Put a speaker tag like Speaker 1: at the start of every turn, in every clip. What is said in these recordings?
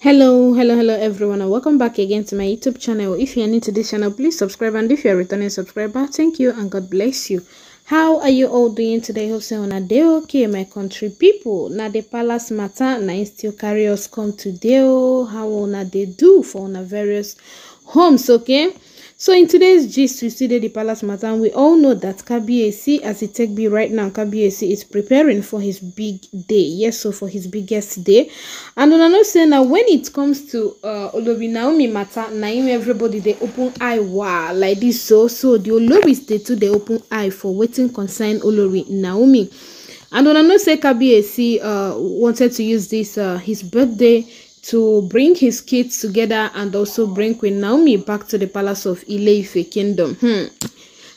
Speaker 1: hello hello hello everyone and welcome back again to my youtube channel if you're new to this channel please subscribe and if you're a returning subscriber thank you and god bless you how are you all doing today hope so on a day okay my country people now the palace matter now still carry us come today oh how on they do for on various homes okay So in today's gist we see the Palace matter, we all know that KBAC, as it take be right now, KBAC is preparing for his big day. Yes, so for his biggest day. And on another say now, when it comes to uh, Olobi Naomi matter, Naomi everybody they open eye wow like this. So so the Olobis they too they open eye for waiting concern Olori Naomi. And on another say KBAC uh, wanted to use this uh, his birthday to bring his kids together and also bring Queen Naomi back to the palace of Ileife kingdom. Hmm.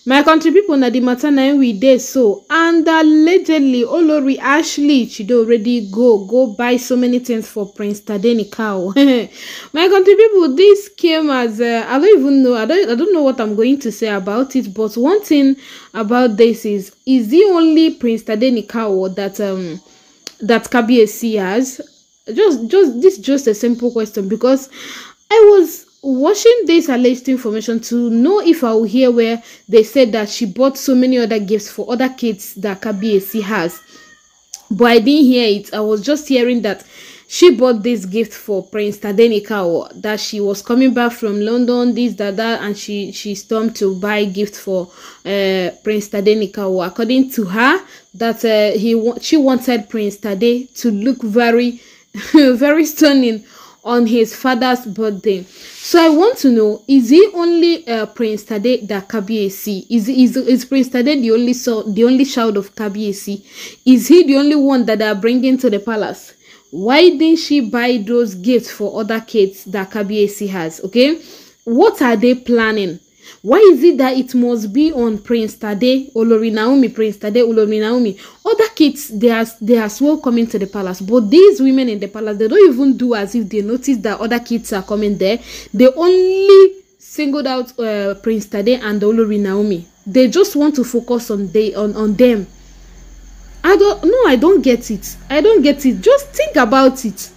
Speaker 1: My country people, na the matter na we dey so, and allegedly Olori Ashley Chido already go go buy so many things for Prince Tadenikao. My country people, this came as uh, I don't even know. I don't I don't know what I'm going to say about it. But one thing about this is is the only Prince Tadenikao that um that Kabiesi has just just this just a simple question because I was watching this alleged information to know if I will hear where they said that she bought so many other gifts for other kids that KBAC has. But I didn't hear it. I was just hearing that she bought this gift for Prince Tadenika that she was coming back from London, this, that, that, and she, she stormed to buy gift for uh, Prince Tadenika according to her that uh, he she wanted Prince Tade to look very very stunning on his father's birthday. So I want to know, is he only uh, Prince Tade that Kabiesi? Is, is is Prince Tade the only so the only child of Kabiesi? Is he the only one that they are bringing to the palace? Why didn't she buy those gifts for other kids that Kabiesi has? Okay, what are they planning? why is it that it must be on Prince Tade Olori Naomi Prince Tade Olori Naomi other kids they are they are well coming to the palace but these women in the palace they don't even do as if they notice that other kids are coming there they only singled out uh, Prince Tade and Olori Naomi they just want to focus on they on on them I don't no I don't get it I don't get it just think about it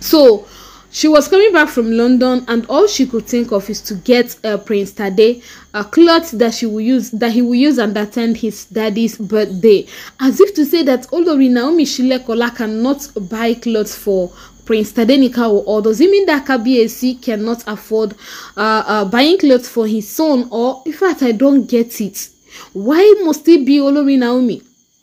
Speaker 1: so She was coming back from London and all she could think of is to get uh, Prince Tade uh, clothes that she will use that he will use and attend his daddy's birthday. As if to say that although Naomi Shilekola cannot buy clothes for Prince Tade Tadenika or does it mean that Kabiesi cannot afford uh, uh, buying clothes for his son or in fact I don't get it. Why must he be Olori Naomi?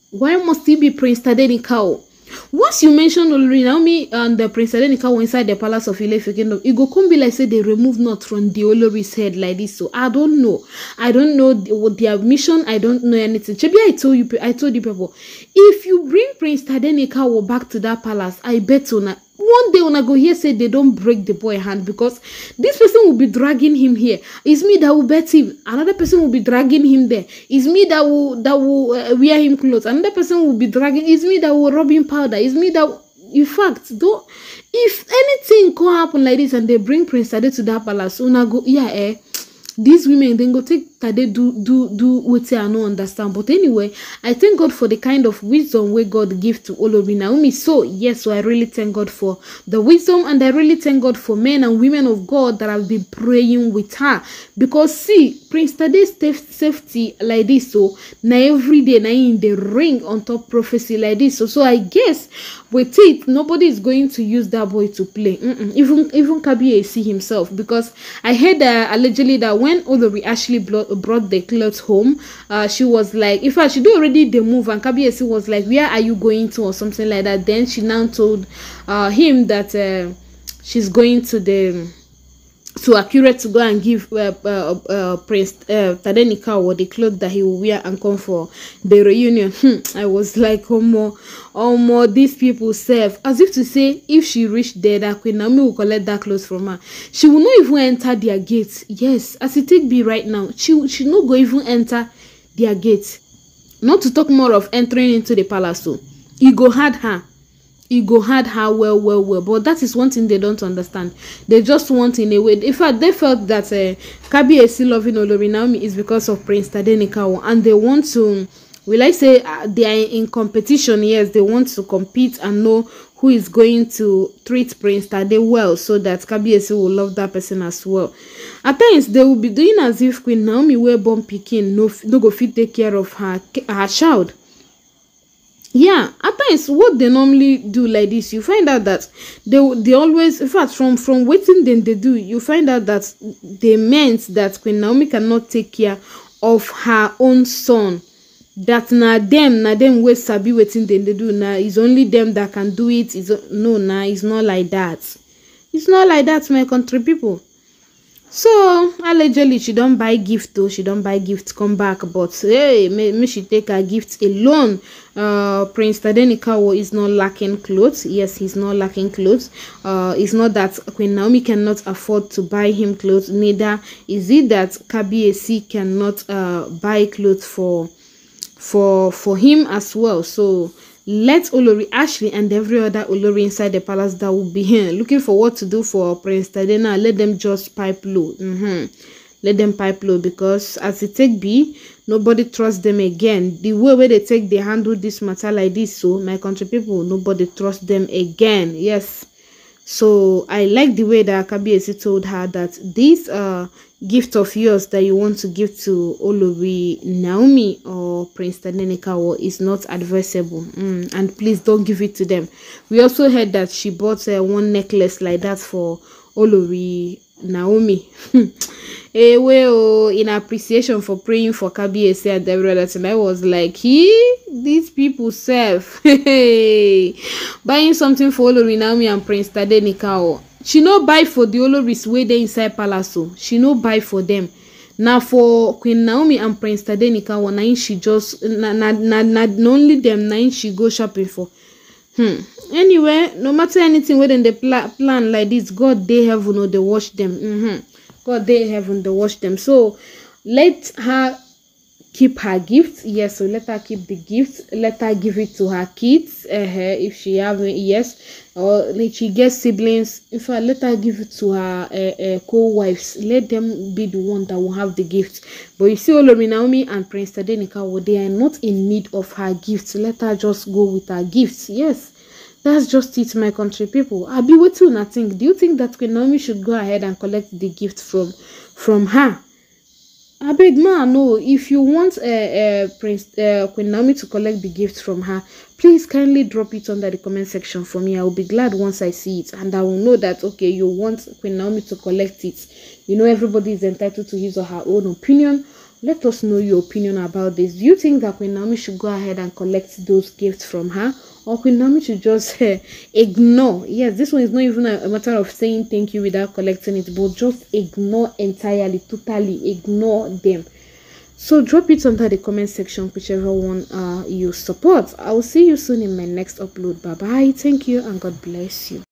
Speaker 1: Why must he be Prince Tade Tadenika? once you mention Olori Naomi and the Prince Adenika were inside the palace of Ilefe Kingdom, it go come be like say they remove not from the Olori's head like this. So I don't know. I don't know what their mission. I don't know anything. Chebi, I told you, I told the people, if you bring Prince Tadenika back to that palace, I bet on one day I go here, say they don't break the boy hand because this person will be dragging him here it's me that will bet him another person will be dragging him there it's me that will that will uh, wear him clothes another person will be dragging it's me that will rub him powder it's me that in fact though if anything go happen like this and they bring prince Ade to that palace una go yeah eh these women then go take that they do do do they i no understand but anyway i thank god for the kind of wisdom where god give to olori naomi so yes so i really thank god for the wisdom and i really thank god for men and women of god that have been praying with her because see prince tade safety like this so oh, now every day now in the ring on top prophecy like this so oh. so i guess with it nobody is going to use that boy to play mm -mm. even even kabiyesi himself because i heard uh, allegedly that when olori actually blood brought the clothes home uh, she was like in fact she do already dey move and kabiyesi was like where are you going to or something like that then she now told uh, him that uh, she's going to the to Akure to go and give uh, uh, uh, uh Prince uh, Tadenikawa the clothes that he will wear and come for the reunion. Hmm, I was like, oh more, oh more, these people serve. As if to say, if she reached there, that Queen Naomi will collect that clothes from her. She will not even enter their gates. Yes, as it take be right now, she, she not go even enter their gates. Not to talk more of entering into the palace. So, oh. you go hard her. Huh? e go hard her well well well but that is one thing they don't understand they just want in a way in fact they felt that uh, eh, kabiyesi loving olori naomi is because of prince tadenikawo and they want to will i say uh, they are in competition yes they want to compete and know who is going to treat prince tade well so that Kabi kabiyesi will love that person as well at times they will be doing as if queen naomi wey born pikin no no go fit take care of her her child yeah at times what they normally do like this you find out that they they always in fact from from waiting then they do you find out that they meant that queen naomi cannot take care of her own son that na them na them wey sabi wetin dem dey do na it's only them that can do it's, no na it's not like that it's not like that my country people so allegedly she don buy gift o she don buy gift come back but hey make she take her gift alone uh, prince tadenikawo is not lacking clothes yes he's not lacking clothes uh, it's not that queen naomi cannot afford to buy him clothes neither is it that kabiyesi cannot uh, buy clothes for for for him as well so let Olori Ashley and every other Olori inside the palace that will be here looking for what to do for Prince Tadena, let them just pipe low. Mm -hmm. Let them pipe low because as it take be, nobody trust them again. The way where they take they handle this matter like this, so my country people, nobody trust them again. Yes. So I like the way that Akabiesi told her that this uh gift of yours that you want to give to Olori Naomi or Prince Tadenikawo is not advisable mm, and please don't give it to them. We also heard that she bought uh, one necklace like that for Olori Naomi. Eh well, in appreciation for praying for Kabiyesi and every other thing. I was like, he these people serve. Buying something for Olori Naomi and Prince Tadenikawo she no buy for di oloris wey dey inside palace o she no buy for dem na for queen naomi and prince tadenikawo na im she just na na na na only dem na im she go shopping for hmm anyway no matter anything wey dem dey plan like this god dey heaven o dey watch dem mm -hmm. god dey heaven dey watch dem so let her keep her gifts yes so let her keep the gifts let her give it to her kids uh, if she have yes or if she gets siblings in fact let her give it to her uh, uh, co-wives let them be the one that will have the gift but you see olomi Naomi and Prince Tadenika well, they are not in need of her gifts let her just go with her gifts yes that's just it my country people I be waiting. I think do you think that Queen Naomi should go ahead and collect the gift from from her abeg ma no if you want um um prince um queen naomi to collect the gift from her please kindly drop it under the comment section for me i will be glad once i see it and i will know that okay you want queen naomi to collect it you know everybody is entitled to his or her own opinion let us know your opinion about this do you think that queen naomi should go ahead and collect those gifts from her or now we should just uh, ignore. Yes, this one is not even a, a, matter of saying thank you without collecting it, but just ignore entirely, totally ignore them. So drop it under the comment section, whichever one uh, you support. I will see you soon in my next upload. Bye bye. Thank you and God bless you.